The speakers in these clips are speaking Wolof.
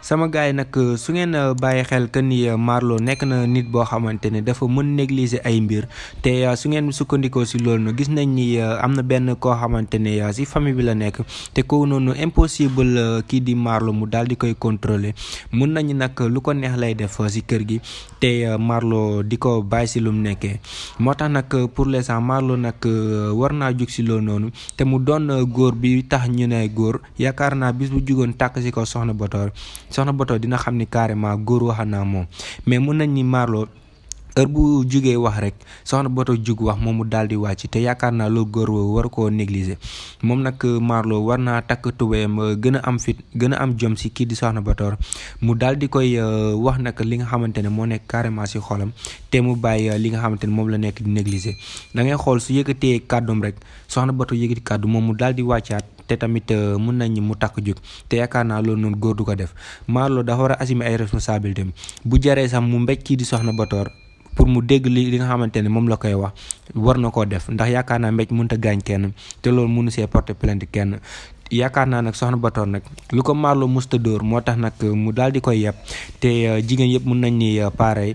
sama gars yi nag euh, su ngeen euh, bàyyi xel que ni euh, Marlo nekk na nit boo xamante ne dafa mën négliger ay mbir te su ngeen sukkandikoo si loolu no gis nañ ni am na benn koo xamante ne si famille bi la nekk te ko noonu impossible kii di Marlo mu daal di koy contrôler mën nañu nag lu ko neex lay def si kër gi te Marlo di ko bàyyi si lu nekkee moo tax nag pour le l'instant Marlo nag war naa jug si loolu noonu te mu doon góor bi tax ñu ne góor yaakaar naa bis bu jugoon tàkk si ko soxna Bator soxna Boto dina xam ni carrément góor waxaan naa moom mais mun nañ ni Marlo heure bu jugé wax rek soxna boto jug wax momu daldi wacc té yaakar lo gor wo war ko négliger mom nak euh, marlo warna tak tuwem euh, gëna am fit gëna am jom ci ki di soxna bator mu daldi koy euh, wax nak li nga xamantene mo nek carrément ci xolam té mu bay li nga xamantene mom la nek di négliger da ngay xol su yëkëté kaddum rek soxna bato yëkëti kaddu mom mu daldi waccat té tamit mën nañ mu tak juk té yaakar lo non gor du ko def marlo da wara assumer ay responsabilité bu jaré sam mu di soxna bator pour mu dégg li li nga xamante ne moom la koy wax war na koo def ndax yaakaar naa mbéj munta a gaañ kenn te loolu munu see porter plainte kenn yaakaar naa nag soxna Batoor nag lu ko Marlo musta dóor moo tax nag euh, mu daal di koy yeb te euh, jigéen yëpp mun nañ ni euh, pareil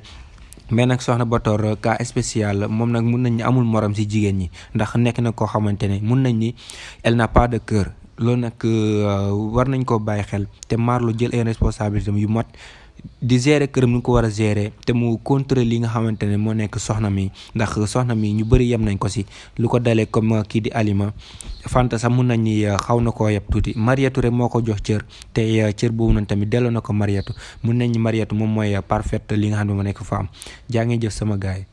mais nag soxna Batoor cas spécial moom nag mun nañ ni amul morom si jigéen ñi ndax nekk na koo xamante ne mun nañ ni elle n'a pas de cœur loolu nag euh, war nañ koo bàyyi xel te Marlo jël ay yu mat di gérer këram ngi ko war a gérer te mu contrôler li nga xamante ne moo nekk soxna mi ndax soxna mi ñu bëri yem nañ ko si lu ko dalee comme euh, kii di Alima Fanta sax mun nañ ni euh, xaw na koo yeb tuuti Mariétou rek moo ko jox cër te cër boobu noonu tamit delloo na ko Mariétou mun nañ ni Mariétou moom mooy parfaite li nga xam ne moo nekk femme jaa ngi jëf sama gaay